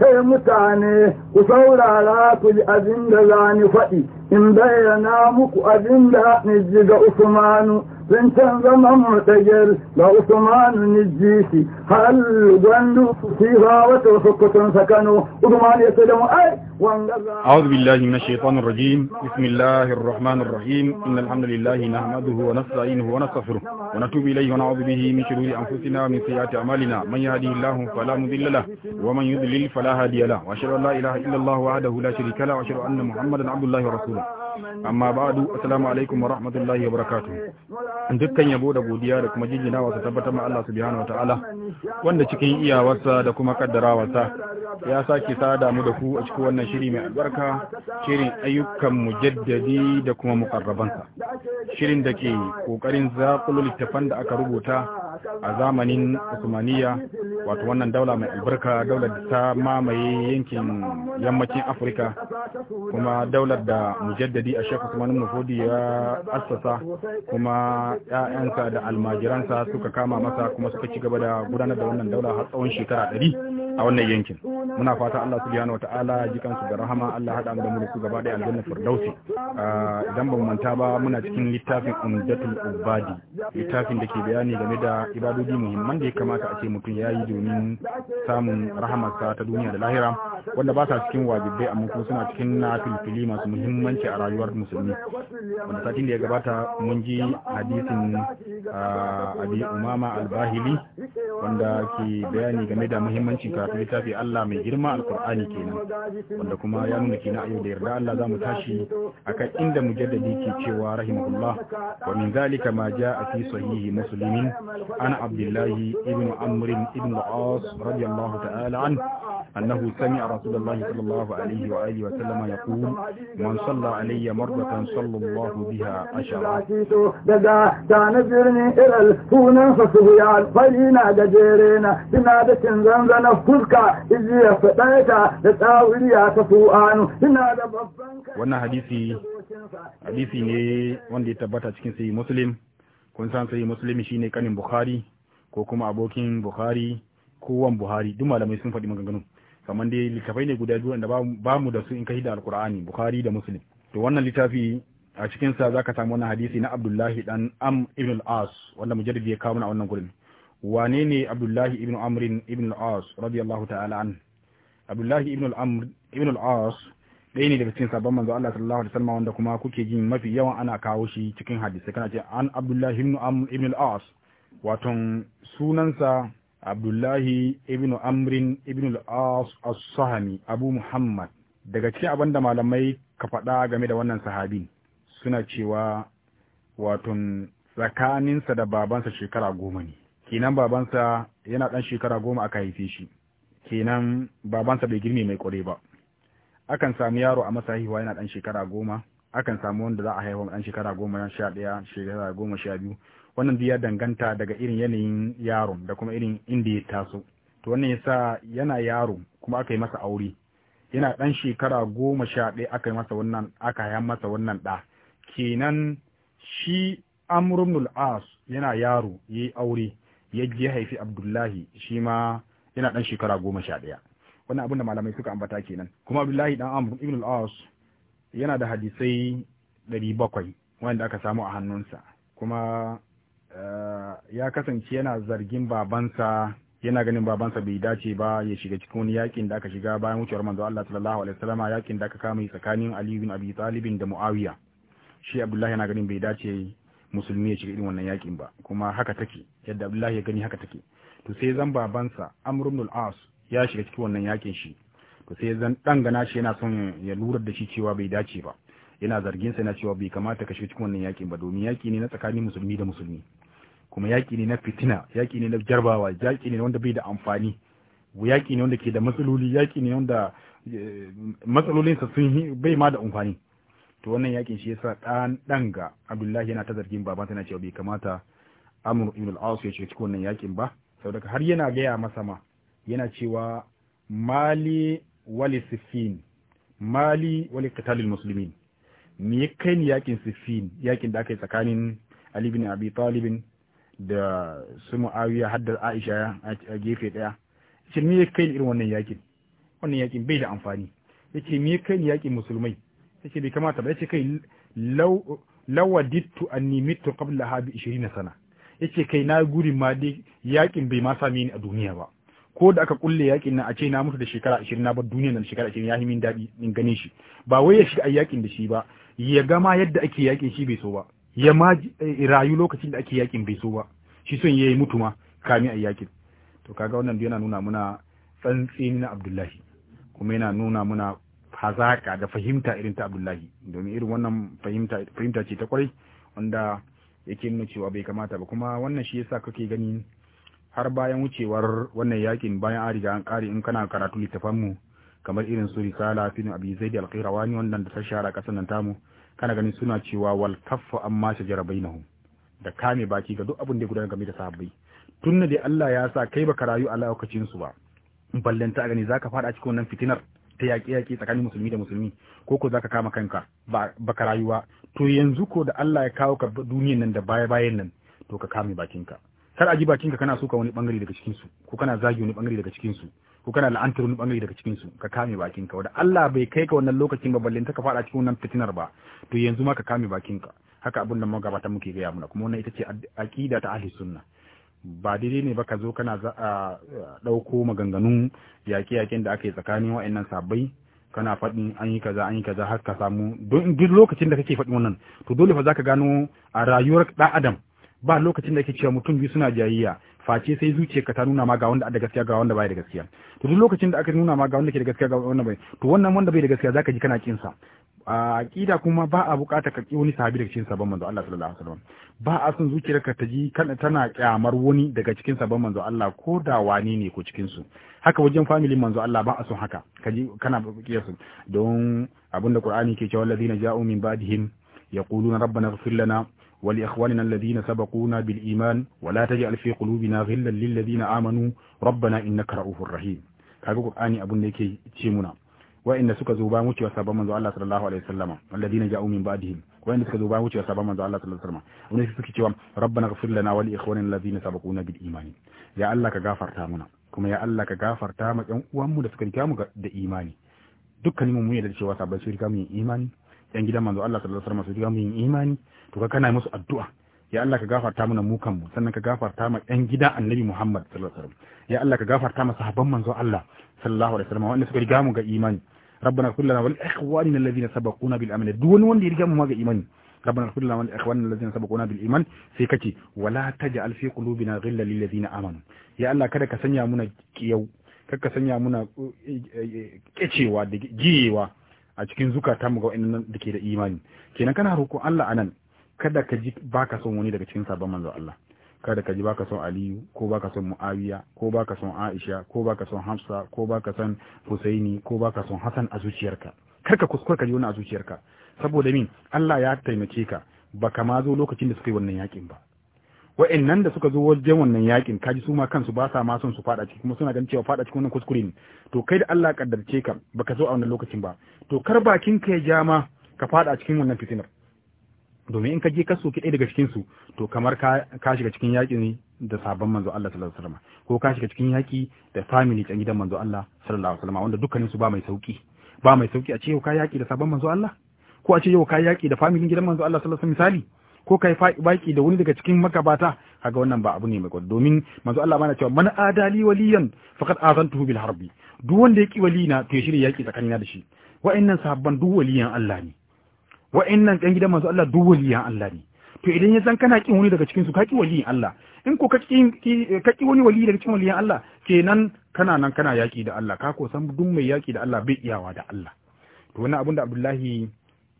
kai mutane ku saurara ku ji abin da za ni faɗi in bayyana muku abin da ni ji ga usmanu بنتم ضم معتجر لعثمان نجيسي هل جنو فيها وتوفقة سكنو وضمان يسلم أي أعوذ بالله من الشيطان الرجيم بسم الله الرحمن الرحيم إن الحمد لله نحمده ونستعينه ونستغفره ونتوب إليه ونعوذ به من شرور أنفسنا ومن سيئات أعمالنا من يهده الله فلا مضل له ومن يضلل فلا هادي له وأشهد أن لا إله إلا الله وحده لا شريك له وأشهد أن محمدا عبد الله ورسوله amma ba du assalamu alaikum wa rahmatullahi wa barakatuh dukkan yabo da godiya da kuma jijinawa su tabbatar ma Allah subhanahu ta'ala wanda cikin iyawarsa da kuma kaddarawarsa ya sake sada mu da ku a cikin wannan shiri mai albarka shirin ayyukan mujaddadi da kuma muqarrabansa shirin da ke kokarin zakulul littafan da aka rubuta a zamanin usmaniya wato wannan daula mai albarka daular da ta mamaye yankin yammacin afirka kuma daular da mujaddadi a shekaru usmanin mafodi ya assasa kuma 'ya'yansa da almajiransa suka kama masa kuma suka ci gaba da gudanar da wannan daula har tsawon shekara ɗari a wannan yankin muna fata Allah subhanahu wataala ji kansu da rahama Allah hada mu da mu da su gaba da aljanna firdausi idan ba mu manta ba muna cikin littafin umdatul ubadi littafin da ke bayani game da ibadodi muhimman da ya kamata a ce mutum ya yi domin samun sa ta duniya da lahira wanda ba sa cikin wajibai amma kuma suna cikin na masu muhimmanci a rayuwar musulmi wanda satin da ya gabata mun ji hadisin abi umama albahili wanda ke bayani game da muhimmancin karanta littafi Allah mai girma alkur'ani kenan wanda kuma ya nuna kenan yau da yarda Allah mu tashi akan inda jaddadi ke cewa rahimahullah wa min zalika ma jaa fi sahihi musulmin ana abdullah ibn amr ibn as radiyallahu ta'ala an أنه سمع رسول الله صلى الله عليه وآله وسلم يقول من صلى علي مرة صلى الله بها أشرا تنزرني إلى الهنا فسهيان فلينا دجيرينا بنادة زنزنه fuska da tsawiriya wannan hadisi hadisi ne wanda ya tabbata cikin sai muslim kun san sai muslim ne kanin bukhari ko kuma abokin bukhari kowan buhari duk malamai sun faɗi maganganu kamar dai littafai ne guda biyu wanda ba mu da su in kai da alkur'ani buhari da muslim to wannan littafi a cikin sa zaka samu wannan hadisi na abdullahi dan am ibn al-as wanda mujaddid ya kawo mana wannan gurin Wanene abdullahi ibn amr ibn al-as radiyallahu ta'ala an abdullahi ibn al-amr ibn al-as dai ne daga cikin sabon manzo Allah sallallahu alaihi wasallam wanda kuma kuke jin mafi yawan ana kawo shi cikin hadisi kana ce an abdullahi ibn amr ibn al-as waton sunansa abdullahi ibn amr ibn al-as as sahmi abu muhammad daga cikin abinda malamai ka faɗa game da wannan sahabin suna cewa waton tsakaninsa da babansa shekara goma ne kenan babansa yana ɗan shekara goma aka haife shi kenan babansa bai girme mai ƙware ba akan samu yaro a masa haihuwa yana ɗan shekara goma akan samu wanda za a haihuwa ɗan shekara goma sha ɗaya shekara goma sha biyu wannan duk ya danganta daga irin yanayin yaron da kuma irin inda ya taso to wannan yasa yana yaro kuma aka yi masa aure yana ɗan shekara goma sha ɗaya aka yi masa wannan aka haifa masa wannan ɗa kenan shi amrunul as yana yaro ya yi aure ya je haifi abdullahi shi ma yana dan shekara goma sha ɗaya wannan abin da malamai suka ambata kenan kuma abdullahi dan amr ibn al-as yana da hadisai ɗari bakwai wanda aka samu a hannunsa kuma eh, ya kasance yana zargin babansa yana ganin babansa bai dace ba ya shiga cikin wani yakin da aka shiga bayan wucewar manzo Allah sallallahu alaihi wasallam yakin da aka kama tsakanin Ali bin Abi Talib da Muawiya shi Abdullahi yana ganin bai dace musulmi ya shiga irin wannan yakin ba kuma haka take yadda Abdullahi ya gani haka take to sai zan babansa Amr ibn al-As ya shiga cikin wannan yakin shi to sai zan dan gana shi yana son ya lura da shi cewa bai dace ba yana zargin sa yana cewa bai kamata ka shiga cikin wannan yakin ba domin yaki ne na tsakanin musulmi da musulmi kuma yaki ne na fitina yaki ne na jarbawa yaki ne wanda bai da amfani yaki ne wanda ke da matsaloli yaki ne wanda eh, matsalolinsa sun bai ma da amfani to wannan yakin shi yasa dan danga Abdullahi yana ta zargin babansa yana cewa bai kamata amur ibn al-as ya ce cikin wannan yakin ba saboda har yana gaya masa ma yana cewa mali wali siffin mali wali qitalil muslimin me kai ni yakin siffin yakin da aka yi tsakanin ali ibn abi talib da su muawiya haddar aisha a gefe daya shin me kai irin wannan yakin wannan yakin bai da amfani yace me kai ni yakin musulmai yace bai kamata ba yace kai law lawadittu anni mitu qabla habi 20 sana yace kai na gurin ma dai yakin bai ma same ni a duniya ba ko da aka kulle yakin nan a ce na mutu da shekara ashirin na bar duniya nan shekara ashirin ya yi min daɗi in gane shi ba wai ya shiga yakin da shi ba ya gama yadda ake yakin shi bai so ba ya ma eh, rayu lokacin da ake yakin bai so ba shi son ya mutu ma kami a yakin to kaga wannan yana nuna muna tsantsi na Abdullahi kuma yana nuna muna hazaka da fahimta irin ta Abdullahi domin irin wannan fahimta fahimta ce ta kwarai wanda yake nuna cewa bai kamata ba kuma wannan shi yasa kake gani har bayan wucewar wannan yakin bayan an riga an kare in kana karatu littafan mu kamar irin su risala fi abi zaid al wani wannan da ta shara kasan nan tamu kana ganin suna cewa wal kaffa amma shajara bainahum da kame baki ga duk abin da ya gudana game da sahabbai tunda dai Allah ya sa kai baka rayu a lokacin su ba ballanta gani zaka fada cikin wannan fitinar ta yaƙi-yaƙi tsakanin musulmi da musulmi ko ko zaka kama kanka ba ka rayuwa to yanzu ko da Allah ya kawo ka duniyan nan da baya bayan nan to ka kame bakinka kar a ji bakinka kana suka wani bangare daga cikin su ko kana zagi wani bangare daga cikin su ko kana la'antar wani bangare daga cikin su ka kame bakinka wanda Allah bai kai ka wannan lokacin ba balle ta ka fada cikin wannan fitinar ba to yanzu ma ka kame bakinka haka abin nan mu muke gaya muna kuma wannan ita ce aqida ta ahli sunna ba daidai ne ba ka zo kana ɗauko maganganun yaƙe-yaƙen da aka yi tsakanin wa'annan sabai kana faɗin an yi kaza an yi kaza har ka samu don duk lokacin da kake faɗin wannan to dole fa zaka gano a rayuwar ɗan adam ba lokacin da kake cewa mutum biyu suna jayayya face sai zuciyar ka ta nuna ma ga wanda da gaskiya ga wanda bai da gaskiya to duk lokacin da aka nuna ma ga wanda ke da gaskiya ga wanda bai to wannan wanda bai da gaskiya zaka ji kana kinsa a aqida kuma ba a bukata ka ki wani sahabi daga cikin sabon manzo Allah sallallahu alaihi wasallam ba a son zuciyarka ta ji tana kyamar wani daga cikin sabon manzo Allah ko da wani ne ko cikin su haka wajen family manzo Allah ba a son haka kaji kana bukiyar su don abinda Qur'ani ke cewa allazina ja'u min ba'dihim yaquluna rabbana ighfir lana ولإخواننا الذين سبقونا بالإيمان ولا تجعل في قلوبنا غلا للذين amanu rabbana إنك رؤوف رحيم kaga Qur'ani abun da yake ce muna wa'inda suka zo bayan wucewa sabon manzo Allah sallallahu alaihi wasallama walladina ja'u min ba'dihim wa'inda suka zo bayan wucewa sabon manzo Allah sallallahu alaihi wasallama wani suke cewa rabbana ighfir lana wa li ikhwanina alladhina sabaquna bil iman ya Allah ka gafarta mana kuma ya Allah ka gafarta ma ƴan uwanmu da suka riga mu da imani dukkanin mu mun da cewa sabon su riga mu yin imani ƴan gidan manzo Allah sallallahu alaihi wasallama su riga mu yin imani to ka kana musu addu'a ya Allah ka gafarta mana mu kanmu sannan ka gafarta ma ɗan gidan annabi Muhammad sallallahu alaihi wasallam ya Allah ka gafarta ma sahabban manzo Allah sallallahu alaihi wasallam wanda suka riga mu ga imani ربنا اغفر لنا ولاخواننا الذين سبقونا بالامن دون وان يرجع ما إيماني ربنا اغفر لنا ولاخواننا الذين سبقونا بالايمان في كتي ولا تجعل في قلوبنا غلا للذين امنوا يا الله كذا كسنيا منا كيو كذا كسنيا منا كتشيوا جيوا a cikin zukata mu ga wa'annan da ke da imani kenan kana roƙo Allah anan kada ka ji baka son wani daga cikin sabon manzo Allah kada ka ji baka son aliyu ko baka son muawiya ko baka son aisha ko baka son hamsa ko baka son husaini ko baka son hasan a zuciyarka kar ka kuskura ka ji wani a zuciyarka saboda min Allah ya taimake ka baka ma zo lokacin da suka yi wannan yakin ba wa'annan da suka zo wajen wannan yakin kaji su ma kansu ba sa ma son su fada ciki kuma suna ganin cewa fada cikin wannan kuskure ne to kai da Allah ya kaddarce ka baka zo a wannan lokacin ba to kar bakin ka ya ja ma ka fada cikin wannan fitinar domin in ka je ka soke ɗaya daga cikin su to kamar ka shiga cikin yaƙi ne da sabon manzo Allah sallallahu alaihi wasallam ko ka shiga cikin yaƙi da family can gidan manzo Allah sallallahu alaihi wasallam wanda dukkanin su ba mai sauki ba mai sauki a ce yau ka yaƙi da sabon manzo Allah ko a ce yau ka yaƙi da family gidan manzo Allah sallallahu alaihi wasallam misali ko kai baki da wani daga cikin makabata kaga wannan ba abu ne mai kwado domin manzo Allah bana cewa man adali waliyan faqad azantuhu bil harbi duk wanda yake walina to ya shirya yaki tsakanina da shi wa'annan sahabban duk waliyan Allah ne wa'annan ɗan gidan manzo Allah duk waliyan Allah ne to idan ya san kana kin wani daga cikin su ka ki waliyin Allah in ko ka ki wani wali daga cikin waliyan Allah kenan kana nan kana yaki da Allah ka ko san duk mai yaki da Allah bai iyawa da Allah to wani abin da Abdullahi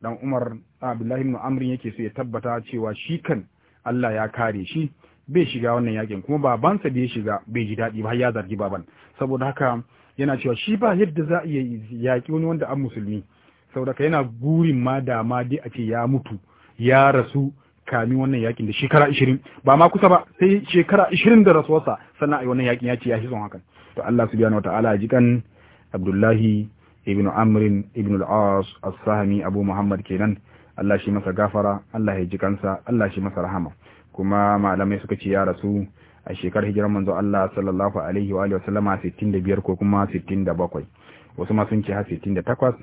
dan Umar Abdullahi ibn Amr yake so ya tabbata cewa shi kan Allah ya kare shi bai shiga wannan yakin kuma babansa da ya shiga bai ji daɗi ba ya zargi baban saboda haka yana cewa shi ba yadda za a yaƙi wani wanda an musulmi saboda yana gurin ma da ma dai a ce ya mutu ya rasu kami wannan yakin da shekara 20 ba ma kusa ba sai shekara 20 da rasuwarsa sannan a yi wannan yakin ya ce ya shi son hakan to Allah subhanahu wataala jikan Abdullahi ibn Amr ibn al-As as-Sahmi Abu Muhammad kenan Allah shi masa gafara Allah ya jikansa Allah shi masa rahama kuma malamai suka ce ya rasu a shekarar hijiran manzo Allah sallallahu alaihi wa alihi wa sallama 65 ko kuma 67 wasu ma sun ce har 68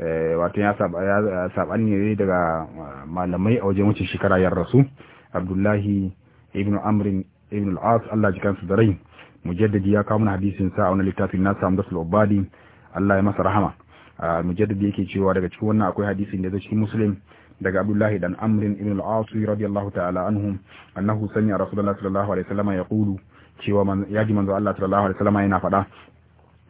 Eh, wato ya saɓani ne daga ah, malamai a wajen wucin shekara ya rasu abdullahi ibn amrin ibn al'as allah ji kansu da rai mujaddadi ya kawo mana hadisin sa a wani littafin na samu dasu obadi allah ya masa rahama ah, mujaddadi yake cewa daga cikin wannan akwai hadisin da zai cikin muslim daga abdullahi dan amrin ibn al'as radiyallahu ta'ala anhum annahu sami rasulullahi sallallahu alaihi wasallam ya qulu cewa ya ji manzo allah sallallahu alaihi wasallam yana faɗa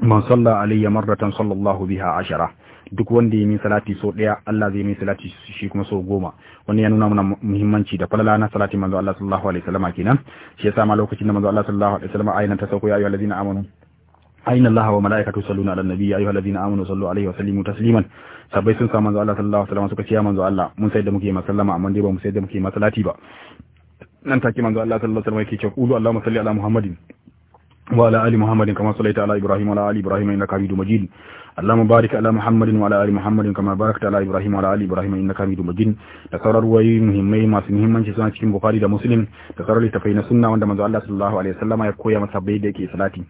man salla alayya marratan sallallahu biha ashara duk wanda ya min salati sau ɗaya, Allah zai min salati shi kuma sau goma Wani ya nuna mana muhimmanci da falala na salati manzo Allah sallallahu alaihi wasallam kenan shi yasa ma lokacin da manzo Allah sallallahu alaihi wasallam ayyana ta sauko ya ayyuhal ladina amanu ayyana Allah wa malaikatu salluna ala nabi ya ayyuhal ladina amanu sallu alaihi wa sallimu tasliman sabai sun sa manzo Allah sallallahu alaihi wasallam suka ce ya manzo Allah mun sai da muke masallama amma dai ba mu sai da muke masalati ba nan take manzo Allah sallallahu alaihi wasallam yake cewa qulu Allahumma salli ala Muhammadin وعلى آل محمد كما صليت على إبراهيم وعلى آل إبراهيم إنك حميد مجيد اللهم بارك على محمد وعلى ال محمد كما باركت على ابراهيم وعلى ال ابراهيم انك حميد مجيد da sauran ruwayoyi muhimmai masu muhimmanci suna cikin bukhari da muslim da sauran littafai na sunna wanda manzo Allah sallallahu ya koya masa bai da ke salati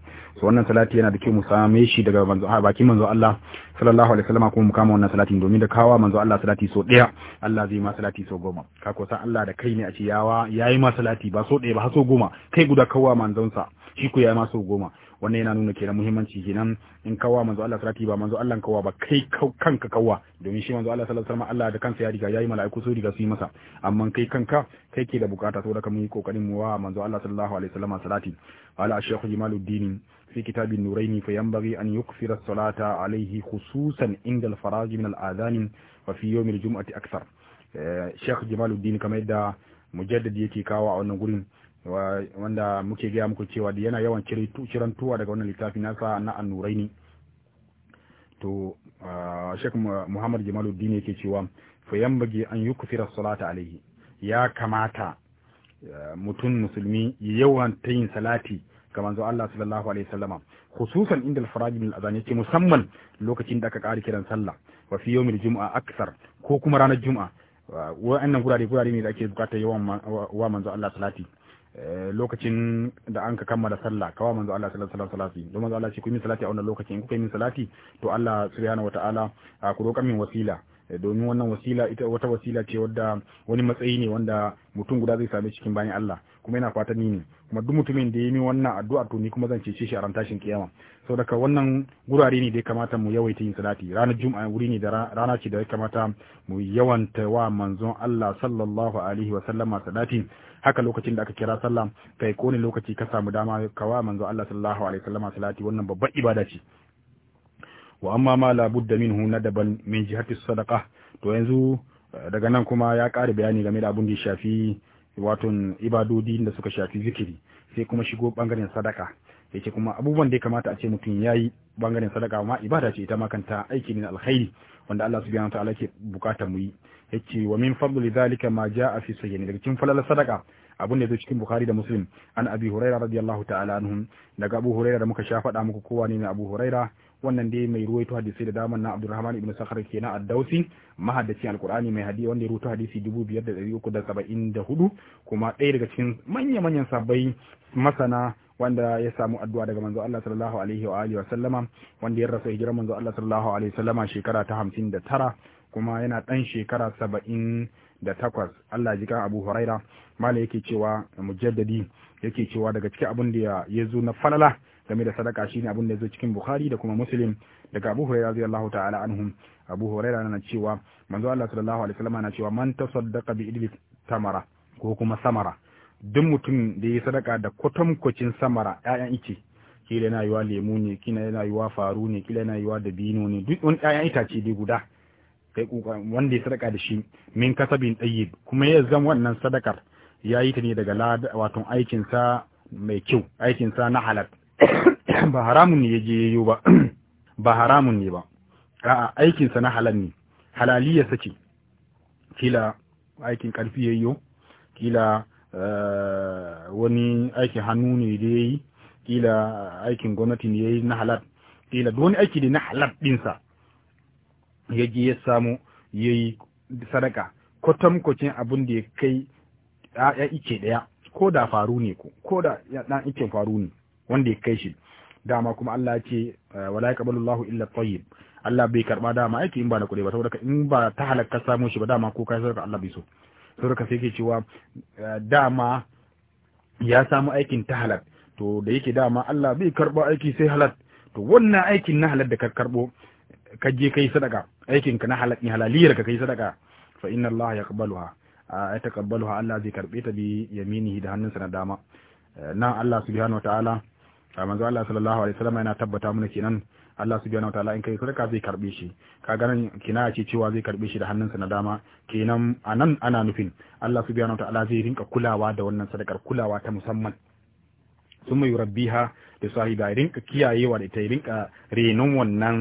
so wannan salati yana da kyau mu same shi daga manzo manzo Allah sallallahu alaihi wasallam kuma mu kama wannan salati domin da kawa manzo Allah salati so daya Allah zai ma salati so goma ka ko san Allah da kai ne a ce yawa yayi ma salati ba so daya ba so goma kai guda kawa manzon sa shi ku yayi ma so goma wannan yana nuna kenan muhimmanci kenan in kawa manzo Allah salati ba manzo Allah kawa ba kai kanka kawa domin shi manzo Allah sallallahu alaihi wasallam Allah da kansa ya riga yayi mala'iku so riga su yi masa amma kai kanka kai ke da bukata saboda mun yi kokarin mu wa manzo Allah sallallahu alaihi wasallam salati قال الشيخ جمال الدين في كتاب النورين فينبغي أن يكثر الصلاة عليه خصوصا عند الفراغ من الآذان وفي يوم الجمعة أكثر شيخ جمال الدين كما يدى مجدد يكي كاوا أو نقولين wanda muke gaya muku cewa da yana yawan tuwa daga wannan littafi sa na annurai ne to shek muhammad jamaluddin yake cewa fa yambage an yukfira salata alaihi ya kamata mutum musulmi yawan ta yin salati ga manzo Allah sallallahu alaihi wasallama khususan inda al-faraj min al-azan yake musamman lokacin da aka ƙara kiran sallah wa fi yawmil juma aksar ko kuma ranar jumu'a wa'annan gurare gurare ne da ake bukatar yawan wa manzo Allah salati eh, lokacin da an ka kammala sallah kawa manzo Allah sallallahu alaihi wasallam salati don manzo Allah ce ku yi salati a wannan lokacin in kuka yi min salati to Allah subhanahu wataala ku roƙa min wasila Eh, domin wannan wasila ita wata wasila ce wadda wani matsayi ne wanda mutum guda zai same cikin bayan Allah kuma yana fatan ni ne kuma duk mutumin da ya yi wannan addu'a to ni kuma zan cece shi a ran tashin kiyama saboda ka wannan gurare ne da ya kamata mu yawaita yin salati ranar juma'a wuri ne da rana ce da ya kamata mu yawanta wa manzon Allah sallallahu alaihi wa sallama salati haka lokacin da aka kira sallah kai ko ne lokaci ka samu dama ka wa manzon Allah sallallahu alaihi wa sallama salati wannan babban ibada ce wa amma ma labudda minhu na daban min jihati sadaqa to yanzu eh, daga nan kuma ya ƙara bayani game da abin da ya shafi waton ibadodi da suka shafi zikiri sai kuma shigo bangaren sadaka yace kuma abubuwan da ya kamata a ce mutum yayi bangaren sadaka ma ibada ce ita ma kanta aiki ne na alkhairi wanda Allah subhanahu wataala ke bukatar mu yi yace wa min fadli zalika ma jaa fi sahih daga cikin falalar sadaka abun da zo cikin Bukhari da Muslim an Abi Hurairah radiyallahu ta'ala anhum daga Abu Hurairah da muka sha faɗa muku kowa ne Abu Hurairah wannan dai mai ruwaito hadisi da daman na Abdurrahman ibn Sakhar kenan ad-Dausi mahaddaci qurani mai hadisi wanda ya ruwaito hadisi 5374 kuma ɗaya daga cikin manya manyan sabai masana wanda ya samu addu'a daga manzo Allah sallallahu alaihi wa alihi wa sallama wanda ya rasa hijira manzo Allah sallallahu alaihi wa sallama shekara ta 59 kuma yana ɗan shekara saba'in da takwas Allah ji kan Abu Huraira mala yake cewa mujaddadi yake cewa daga cikin abin da ya zo na falala game da sadaka shine abin da ya zo cikin Bukhari da kuma Muslim daga Abu Huraira radiyallahu ta'ala anhum Abu Huraira na cewa manzo Allah sallallahu alaihi wasallam na cewa man tasaddaqa bi idli tamara ko kuma samara duk mutum da ya sadaka da kwatankwacin samara ƴaƴan ice kila yana yiwa lemu ne kila yana yiwa faru ne kila yana yiwa dabino ne duk wani ƴaƴan itace dai guda kai wanda ya sadaka da shi min kasabin tayyib kuma ya zan wannan sadakar ya yi ta ne daga wato aikinsa mai kyau aikinsa na halal ba haramun ne ya je yayo ba ba haramun ne ba a'a aikinsa na halal ne ya sace kila aikin karfi yayyo kila eh, wani aikin hannu ne da yayi kila aikin gwamnati ne yayi na halal kila duk wani aiki ne na halal dinsa ya je ya samu ya yi sadaka kwatankwacin abin da ya kai ya ice daya ko da faru ne ko ko da ɗan icen faru ne wanda ya kai shi dama kuma Allah ya ce eh, wala yaqbalu Allahu illa tayyib Allah bai karba dama aiki in ba na kuɗi ba saboda in ba ta halakka samu shi ba dama ko kai sadaka Allah bai so saboda sai ke cewa eh, dama ya samu aikin ta halal to da yake dama Allah bai karba aiki sai halal to wannan aikin na halal da ka karbo ka je kai sadaka aikin ka na halali halaliyar ka kai sadaka fa inna Allah yaqbaluha ya taqabbaluha Allah zai karbe ta bi yaminihi da hannunsa na dama nan Allah subhanahu wataala manzo Allah sallallahu alaihi wasallam yana tabbata mana kenan Allah subhanahu wataala in kai sadaka zai karbe shi ka ganin kina ce cewa zai karbe shi da hannunsa na dama kenan anan ana nufin Allah subhanahu wataala zai rinka kulawa da wannan sadakar kulawa ta musamman sun mai rabbiha da sahiba rinka kiyayewa da ita rinka renon wannan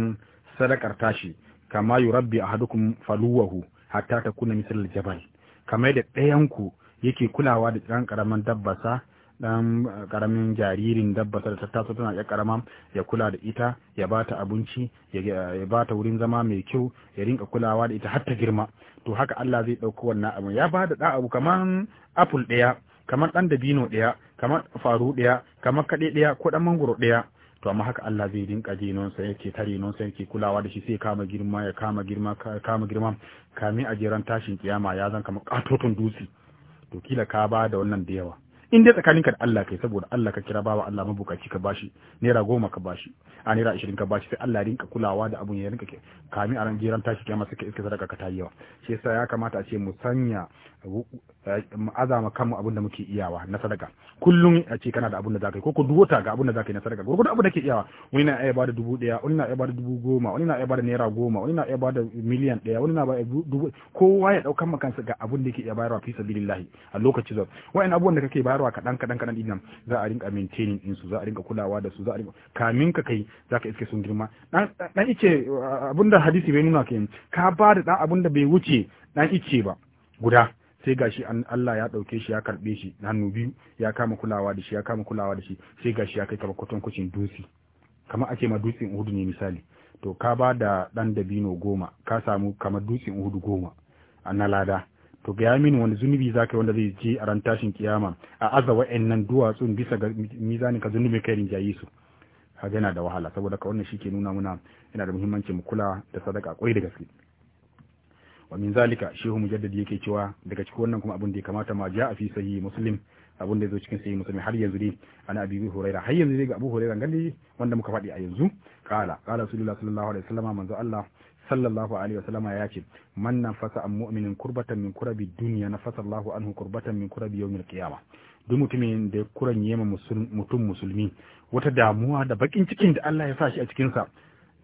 sadakar tashi kama a ahadukum faluwahu hatta takuna misal jabal kamar da ɗayan ku yake kulawa da ɗan karaman dabbasa ɗan karamin jaririn dabbasa da tattaso tana ya karama ya kula da ita ya bata abinci ya bata wurin zama mai kyau ya rinka kulawa da ita har ta girma to haka Allah zai ɗauko wannan abu ya ba da abu kamar apple ɗaya kamar ɗan dabino ɗaya kamar faru ɗaya kamar kaɗe ɗaya ko ɗan mangoro ɗaya to amma haka Allah zai dinka sa yake tare non sa yake kulawa da shi sai kama girma ya kama girma kama girma kami a jeran tashin kiyama ya zan kama katotun dutse to kila ka ba da wannan da yawa in dai tsakaninka da Allah kai saboda Allah ka kira bawa Allah mabukaci ka bashi naira goma ka bashi a naira ashirin ka bashi sai Allah ya rinka kulawa da abun ya rinka kami a ran jiran tashin kiyama ka iska sadaka ka tayi yawa shi yasa ya kamata a ce mu sanya azama kanmu abin da muke iyawa na sadaka kullum a ce kana da abin da zaka yi ko ku duwata ga abin da zaka yi na sadaka gurgudu abin da ke iyawa wani na iya bada dubu daya wani na iya bada dubu goma wani na iya bada naira goma wani na iya bada miliyan daya wani na bada dubu kowa ya daukan ma kansa ga abin da yake iya bayarwa fi sabilillahi a lokaci zo wayan abubuwan da kake bayarwa kadan kadan kadan dinnan za a rinka maintaining din su za a rinka kulawa da su za a rinka kamin ka kai zaka iske sun girma dan dan ice abin da hadisi bai nuna ke ka bada dan abin da bai wuce dan ice ba guda sai gashi an Allah ya dauke shi ya karbe shi hannu biyu ya kama kulawa da shi ya kama kulawa da shi sai gashi ya kai ka bakwatan kucin dutse kamar ake ma dutsen uhudu ne misali to ka ba da dan dabino goma ka samu kamar dutsen uhudu goma na lada to ga yamin wani zunubi za ka yi wanda zai je a ran tashin kiyama a aza wa'annan duwatsun bisa ga mizanin ka zunubi kai rinjaye su kaga yana da wahala saboda ka wannan shi ke nuna muna yana da muhimmanci mu kula da sadaka kwai da gaske wa min zalika shehu mujaddadi yake cewa daga cikin wannan kuma abin da ya kamata ma ja a fi sahi muslim abin da ya zo cikin sahi muslim har yanzu dai ana abi bi huraira har yanzu dai ga abu huraira gani wanda muka faɗi a yanzu qala qala rasulullahi sallallahu alaihi wasallam manzo Allah sallallahu alaihi wasallama ya ce man nafasa an mu'minin kurbatan min kurabi duniya nafasa Allahu anhu kurbatan min kurabi yawmil qiyamah duk mutumin da ya kuran yema mutum musulmi wata damuwa da bakin cikin da Allah ya sa shi a cikin sa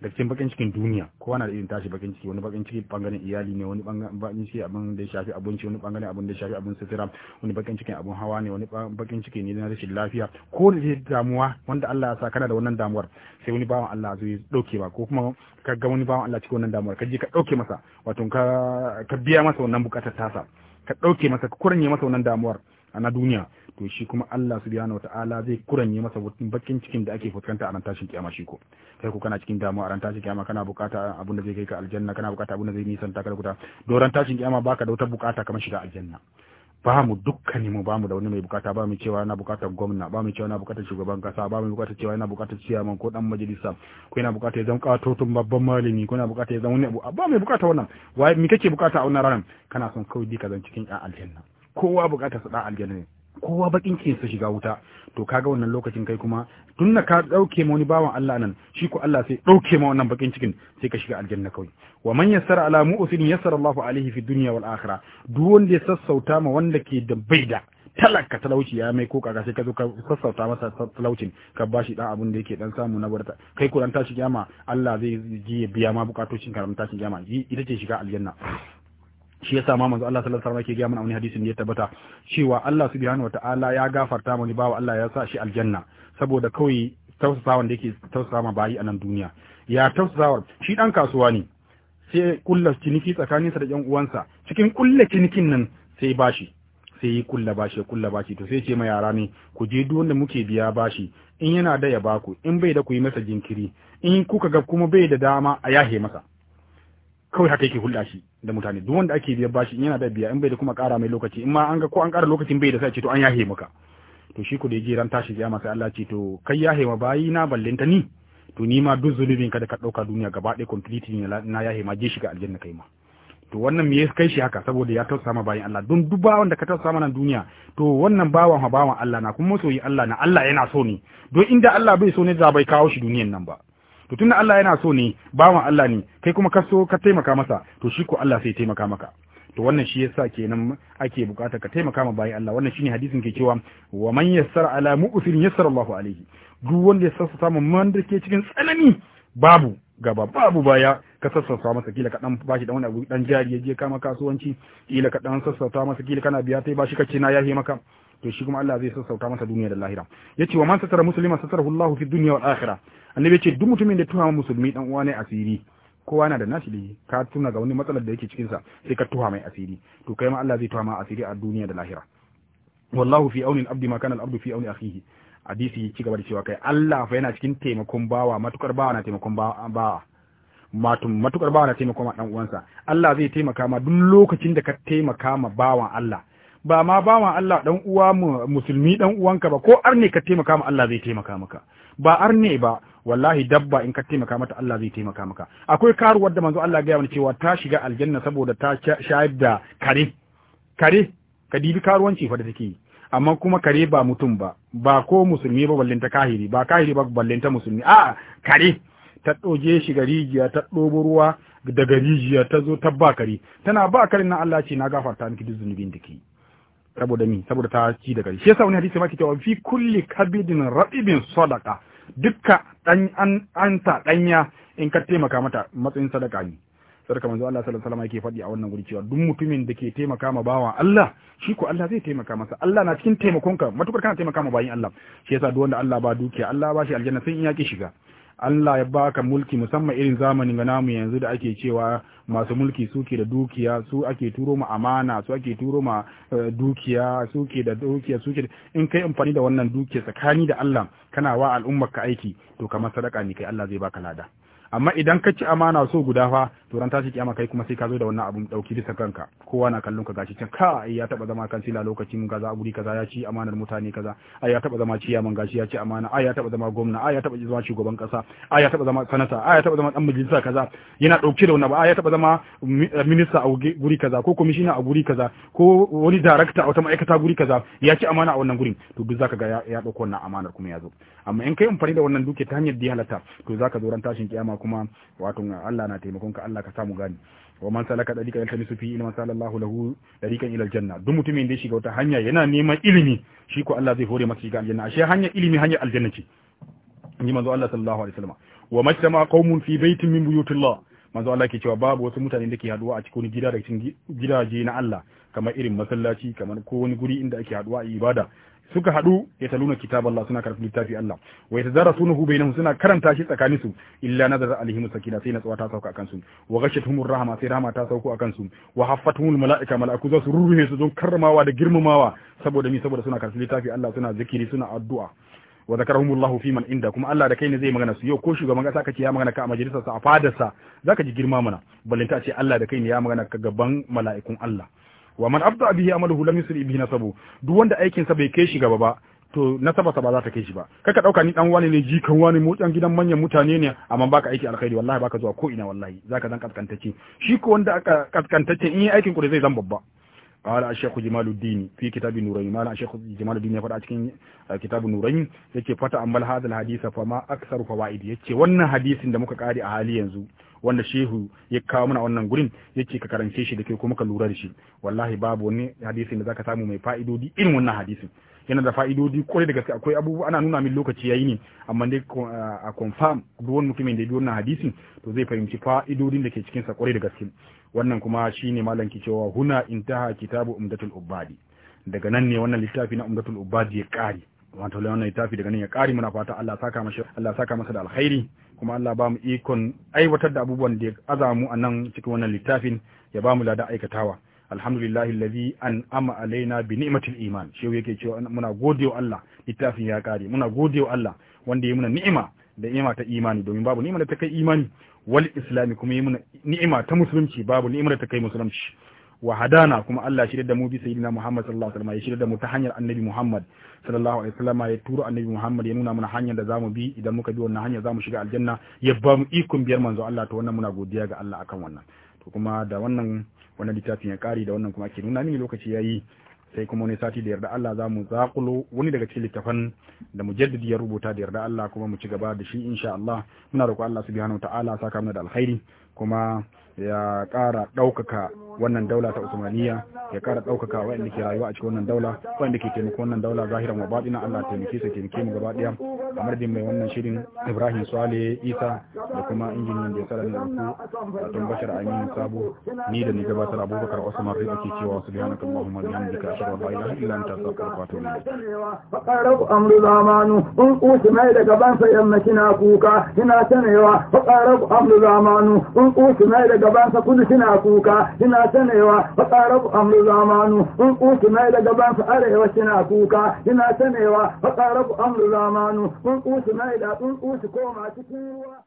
da cikin bakin cikin duniya ko ana da irin tashi bakin ciki wani bakin ciki bangaren iyali ne wani bakin ciki abin da ya shafi abinci wani bangaren abin da ya shafi abin sutura wani bakin cikin abin hawa ne wani bakin ciki ne na rashin lafiya ko da ce damuwa wanda Allah ya sa kana da wannan damuwar sai wani bawan Allah zai dauke ba ko kuma ka ga wani bawan Allah cikin wannan damuwar ka je ka dauke masa wato ka ka biya masa wannan bukatar tasa ka dauke masa ka kuranye masa wannan damuwar na duniya to shi kuma Allah subhanahu wataala zai kuranye masa bakin cikin da ake fuskanta a ran tashin kiyama shi ko kai ko kana cikin damuwa a ran tashin kiyama kana bukata abin da zai kai ka aljanna kana bukata abin da zai nisan ka da kuta don ran tashin kiyama baka da wata bukata kamar shiga aljanna ba mu dukkan mu ba mu da wani mai bukata ba mu cewa yana bukatar gwamna ba mu cewa yana bukatar shugaban kasa ba mu bukatar cewa yana bukatar ciyaman ko dan majalisa ko yana bukatar ya zama katotun babban malami ko yana bukatar ya zama wani abu ba mu bukata wannan wai me kake bukata a wannan ranar kana son kawai dika zan cikin yan aljanna kowa bukatar su dan aljanna ne kowa bakin ke su shiga wuta to kaga wannan lokacin kai kuma tunna ka dauke ma wani bawan Allah nan shi ko Allah sai dauke ma wannan bakin cikin sai ka shiga aljanna kawai wa man yassara ala mu'sin yassara Allah alaihi fi dunya wal akhirah duk wanda ya sassauta ma wanda ke da baida talaka talauci ya mai koka ga sai ka zo ka sassauta masa talaucin ka bashi dan abun da yake dan samu na barta kai ko dan tashi kiyama Allah zai ji biya ma bukatocin karamta tashin kiyama ita ce shiga aljanna shi yasa ma manzo Allah sallallahu alaihi wasallam yake ga mana wani hadisin da ya tabbata cewa Allah subhanahu wataala ya gafarta mani bawa Allah ya sa shi aljanna saboda kawai tausasa wanda yake tausasa ma bayi a nan duniya ya tausasa shi dan kasuwa ne sai kulla ciniki tsakaninsa da yan uwansa cikin kulla cinikin nan sai bashi sai yi kulla bashi ya kulla bashi to sai ce ma yara ne ku je duk wanda muke biya bashi in yana da ya baku in bai da ku yi masa jinkiri in kuka ga kuma bai da dama a yahe masa kawai haka yake hulɗa shi da mutane duk wanda ake biyan bashi in yana da biya in bai da kuma ƙara mai lokaci in ma an ga ko an ƙara lokacin bai da sai ce to an yahe maka to shi ku da yaje ran tashi ya sai Allah ce to kai yahe ma bayi na ballinta ni to ni ma duk zunubin ka da ka dauka duniya gaba ɗaya completely ne na yahe ma je shi ga aljanna kai ma to wannan me ya kai shi haka saboda ya tausa ma bayin Allah don duk bawan da ka ma nan duniya to wannan bawan ha bawan Allah na kuma masoyi Allah na Allah yana so ne don inda Allah bai so ne za bai kawo shi duniyan nan ba to tunda Allah yana so ne bawan Allah ne kai kuma ka so ka taimaka masa to shi ko Allah sai taimaka maka to wannan shi yasa kenan ake bukata ka taimaka ma bayi Allah wannan shine hadisin ke cewa wa man yassara ala mu'sir yassara Allahu alaihi duk wanda ya sassa samu man da ke cikin tsanani babu gaba babu baya ka sassauta masa kila ka dan bashi dan wani abu dan jari ya je kama kasuwanci kila ka dan sassauta masa kila kana biya tai bashi kace na yahe maka to shi kuma Allah zai sassauta masa duniya da lahira yace wa man satara muslima satarahu Allahu fi dunya wal akhirah annabi ce duk mutumin da tuhama musulmi dan uwa ne asiri kowa na da nashi da ka tuna ga wani matsalar da yake cikin sa sai ka tuha mai asiri to kai ma Allah zai tuha ma asiri a duniya da lahira wallahu fi auni al-abdi ma kana al-abdu fi auni akhihi hadisi ya ci gaba da cewa kai Allah fa yana cikin taimakon bawa matukar bawa na taimakon bawa matum matukar bawa na taimakon ma dan uwansa Allah zai taimaka ma duk lokacin da ka taimaka ma bawan Allah ba ma bawa Allah dan uwa musulmi dan uwanka ba ko arne ka taimaka ma Allah zai taimaka maka ba arne ba wallahi dabba in ka taimaka mata Allah zai taimaka maka akwai karuwar da manzo Allah ya mana cewa ta shiga aljanna saboda ta shayar da kare kare ka dibi karuwanci fa da take yi amma kuma kare ba mutum ba ba ko musulmi ba ballinta kahiri ba kahiri ba ballinta musulmi a kare ta doje shi ga rijiya ta dobo ruwa daga rijiya ta zo ta ba kare tana ba kare na Allah ce na gafarta miki duk zunubin da kike saboda mi saboda ta ci da kare shi yasa wani hadisi ma ke cewa fi kulli kabidin rabibin sadaqa dukka an anta danya in ka taimaka mata matsayin sadaka ne sadaka manzo Allah sallallahu alaihi wasallam yake faɗi a wannan guri cewa duk mutumin da ke taimaka ma bawa Allah shi ko Allah zai taimaka masa Allah na cikin taimakon ka. matukar kana taimaka ma bayin Allah shi yasa duk wanda Allah ba dukiya Allah ba shi aljanna sai in yaki shiga Allah ya baka mulki musamman irin zamanin ga namu yanzu da ake cewa masu mulki suke da dukiya su ake turo ma amana su ake turo ma eh, dukiya suke da dukiya suke in kai amfani da wannan dukiya tsakani da Allah kana wa al'ummar ka aiki to kamar sadaka ne kai Allah zai baka lada amma idan ka ci amana so guda fa ta ran tashi kiyama kai kuma sai ka zo da wannan abun dauki bisa kanka kowa na kallon ka gashi can ka ai ya taba zama kan sila lokacin kaza a guri kaza ya ci amanar mutane kaza ai ya taba zama ciyaman gashi ya ci amana ai ya taba zama gwamna ai ya taba zama shugaban kasa ai ya taba zama sanata ai ya taba zama dan majalisa kaza yana dauke da wannan ba ai ya taba zama eh, minista a guri kaza ko commissioner a guri kaza ko wani director a wata ma'aikata guri kaza ya ci amana a wannan gurin to duk zaka ga ya dauko wannan amanar kuma ya zo amma in kai amfani da wannan duke ta hanyar da ya halatta to zaka zo ran tashin kiyama kuma wato Allah na taimakon ka Allah ka samu gani wa man salaka dalika yaltamisu fi ilman sallallahu lahu dariqan ila aljanna duk mutumin da ya shiga wata hanya yana neman ilimi shi ko Allah zai hore masa shiga aljanna ashe hanya ilimi hanyar aljanna ce ni manzo Allah sallallahu alaihi wasallam wa majtama qaumun fi baitin min buyutillah manzo Allah ke cewa babu wasu mutane da ke haduwa a cikin gida da cikin gidaje na Allah kamar irin masallaci kamar ko wani guri inda ake haduwa a ibada suka hadu ya taluna kitab Allah suna karatu littafi Allah wa yatadarasunahu bainahum suna karanta shi tsakanin su illa nazara alaihim sakina sai natsuwa ta sauka akan su wa ghashatuhumur rahma sai rahma ta sauko akan su wa haffatuhumul malaika malaiku za su rurruhe su don karramawa da girmamawa saboda mi saboda suna karatu littafi Allah suna zikiri suna addu'a wa zakarahumullahu fi man inda kuma Allah da kai ne zai magana su yau ko shugaban kasa kace ya magana ka a majalisarsa a fadarsa zaka ji girma mana ballinta ce Allah da kai ne ya magana ka gaban mala'ikun Allah wa man abda bihi amaluhu lam yusri bihi nasabu duk wanda aikin sa bai kai shi gaba ba to nasaba sa ba za ta kai shi ba kai ka dauka ni dan wani ne jikan wani mu dan gidan manyan mutane ne amma baka aiki alkhairi wallahi baka zuwa ko ina wallahi zaka zan kaskantace shi ko wanda aka kaskantace in yi aikin ku zai zan babba قال الشيخ جمال الدين في كتاب النورين ما الشيخ جمال الدين يفرع cikin كتاب eh, النورين yake fata amal hadal hadisa fa ma aktsaru fawaid yace wannan hadisin da muka kari a hali yanzu wanda shehu ya kawo mana wannan gurin ya ce ka karance shi da kai kuma ka lura da shi wallahi babu wani hadisin da za ka samu mai fa'idodi irin wannan hadisin yana da fa'idodi kwarai da gaske akwai abubuwa ana nuna min lokaci yayi ne amma dai a confirm duk wani mutumin da ya wannan hadisin to zai fahimci fa'idodin da ke cikin sa kwarai da gaske wannan kuma shine malam ki cewa huna intaha kitabu umdatul ubadi daga nan ne wannan littafi na umdatul ubadi ya kare wato wannan littafi daga nan ya kare muna fata Allah saka masa Allah saka masa da alkhairi kuma Allah ba mu ikon aiwatar da abubuwan da ya azamu a nan cikin wannan littafin ya ba mu ladan aikatawa alhamdulillahi allazi an'ama alaina bi ni'matil iman shehu yake cewa muna godewa Allah littafin ya kare muna godewa Allah wanda ya muna ni'ima da ni'ima ta imani domin babu ni'ima da ta kai imani wal islami kuma yi muna ni'ima ta musulunci babu ni'ima da ta kai musulunci wa hadana kuma Allah shirya da mu bi sayyidina Muhammad sallallahu alaihi wasallam ya shirya da mu ta hanyar Annabi Muhammad sallallahu alaihi wasallam ya turo Annabi Muhammad ya nuna mana hanyar da zamu bi idan muka bi wannan hanyar zamu shiga aljanna ya ba mu ikon biyar manzo Allah to wannan muna godiya ga Allah akan wannan to kuma da wannan wannan littafin ya kare da wannan kuma ke nuna mini lokaci yayi sai kuma wani sati da yarda Allah za mu zakulo wani daga cikin littafan da mujaddidi ya rubuta da yarda Allah kuma mu ci gaba da shi insha Allah muna roƙo Allah subhanahu wa ta'ala saka mana da alkhairi kuma ya kara ɗaukaka wannan daula ta usmaniya ya kara ɗaukaka waɗanda ke rayuwa a cikin wannan daula waɗanda ke taimako wannan daula zahiran wa baɗina Allah taimake su taimake mu gaba ɗaya kamar din mai wannan shirin Ibrahim sale Isa da kuma injiniyan da ya tsara da ku wato Bashir Amin Sabo ni da ni gabatar Abubakar Usman Riba ke cewa subhanaka Allahumma wa bihamdika ashhadu an la ilaha illa anta astaghfiruka wa atubu ilayk faqarabu amru zamanu in qusmai daga ban sai yamma kuka kina sanewa faqarabu amru zamanu kun su mai da gabansa kudu suna kuka suna sanewa qarabu amru zamanu kun su mai da gabansa arewa suna kuka suna sanewa qarabu amru zamanu kun su da tsuntsu kusu koma cikin ruwa